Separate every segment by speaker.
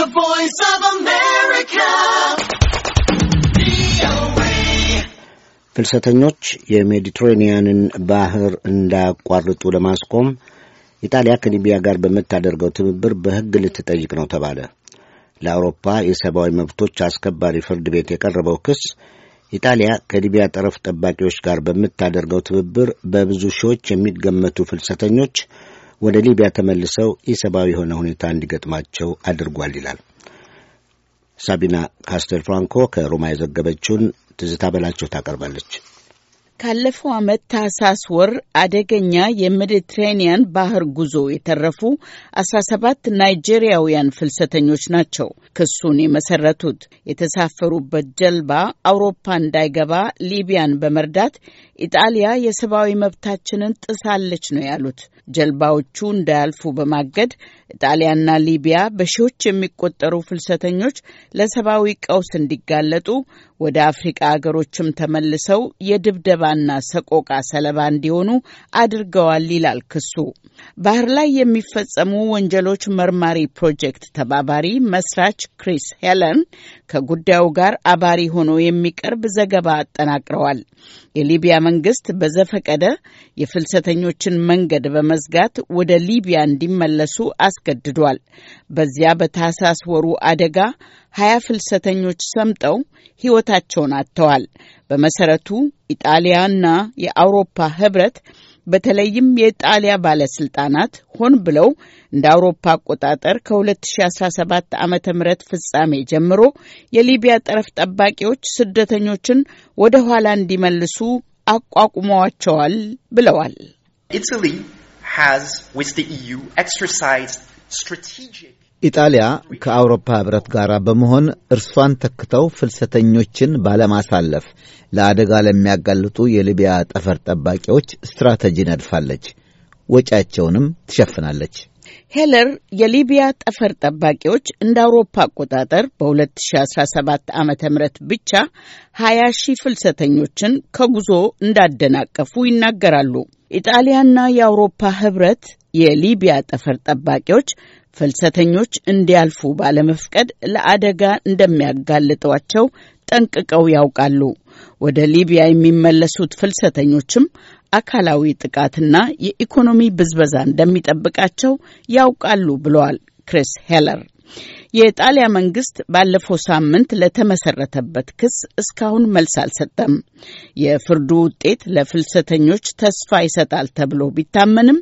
Speaker 1: The Voice of America.
Speaker 2: ፍልሰተኞች የሜዲትሬኒያንን ባህር እንዳያቋርጡ ለማስቆም ኢጣሊያ ከሊቢያ ጋር በምታደርገው ትብብር በሕግ ልትጠይቅ ነው ተባለ። ለአውሮፓ የሰብአዊ መብቶች አስከባሪ ፍርድ ቤት የቀረበው ክስ ኢጣሊያ ከሊቢያ ጠረፍ ጠባቂዎች ጋር በምታደርገው ትብብር በብዙ ሺዎች የሚገመቱ ፍልሰተኞች ወደ ሊቢያ ተመልሰው ኢሰብአዊ የሆነ ሁኔታ እንዲገጥማቸው አድርጓል ይላል። ሳቢና ካስተል ፍራንኮ ከሮማ የዘገበችውን ትዝታ በላቸው ታቀርባለች።
Speaker 3: ካለፈው ዓመት ታህሳስ ወር አደገኛ የሜዲትሬኒያን ባህር ጉዞ የተረፉ 17 ናይጄሪያውያን ፍልሰተኞች ናቸው ክሱን የመሰረቱት። የተሳፈሩበት ጀልባ አውሮፓ እንዳይገባ ሊቢያን በመርዳት ኢጣሊያ የሰብአዊ መብታችንን ጥሳለች ነው ያሉት። ጀልባዎቹ እንዳያልፉ በማገድ ኢጣሊያና ሊቢያ በሺዎች የሚቆጠሩ ፍልሰተኞች ለሰብአዊ ቀውስ እንዲጋለጡ ወደ አፍሪቃ አገሮችም ተመልሰው የድብደባ ወከባና ሰቆቃ ሰለባ እንዲሆኑ አድርገዋል ይላል ክሱ። ባህር ላይ የሚፈጸሙ ወንጀሎች መርማሪ ፕሮጀክት ተባባሪ መስራች ክሪስ ሄለን ከጉዳዩ ጋር አባሪ ሆኖ የሚቀርብ ዘገባ አጠናቅረዋል። የሊቢያ መንግስት በዘፈቀደ የፍልሰተኞችን መንገድ በመዝጋት ወደ ሊቢያ እንዲመለሱ አስገድዷል። በዚያ በታህሳስ ወሩ አደጋ ሀያ ፍልሰተኞች ሰምጠው ሕይወታቸውን አጥተዋል። በመሰረቱ ኢጣሊያና የአውሮፓ ህብረት በተለይም የጣሊያ ባለስልጣናት ሆን ብለው እንደ አውሮፓ አቆጣጠር ከ2017 ዓ ም ፍጻሜ ጀምሮ የሊቢያ ጠረፍ ጠባቂዎች ስደተኞችን ወደ ኋላ እንዲመልሱ አቋቁመዋቸዋል ብለዋል።
Speaker 1: ኢታሊ ሃዝ ዊዝ ዘ ኢዩ ኤክሰርሳይዝድ ስትራቴጂክ ኢጣሊያ ከአውሮፓ ኅብረት ጋር በመሆን እርሷን ተክተው ፍልሰተኞችን ባለማሳለፍ ለአደጋ ለሚያጋልጡ የሊቢያ ጠፈር ጠባቂዎች ስትራቴጂ ነድፋለች፣ ወጪያቸውንም ትሸፍናለች።
Speaker 3: ሄለር የሊቢያ ጠፈር ጠባቂዎች እንደ አውሮፓ አቆጣጠር በ2017 ዓ ም ብቻ 20 ሺህ ፍልሰተኞችን ከጉዞ እንዳደናቀፉ ይናገራሉ። ኢጣሊያና የአውሮፓ ኅብረት የሊቢያ ጠፈር ጠባቂዎች ፍልሰተኞች እንዲያልፉ ባለመፍቀድ ለአደጋ እንደሚያጋልጧቸው ጠንቅቀው ያውቃሉ። ወደ ሊቢያ የሚመለሱት ፍልሰተኞችም አካላዊ ጥቃትና የኢኮኖሚ ብዝበዛ እንደሚጠብቃቸው ያውቃሉ ብለዋል ክሪስ ሄለር። የጣሊያ መንግስት ባለፈው ሳምንት ለተመሰረተበት ክስ እስካሁን መልስ አልሰጠም። የፍርዱ ውጤት ለፍልሰተኞች ተስፋ ይሰጣል ተብሎ ቢታመንም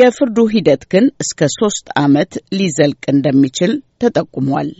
Speaker 3: የፍርዱ ሂደት ግን እስከ ሶስት ዓመት ሊዘልቅ እንደሚችል ተጠቁሟል።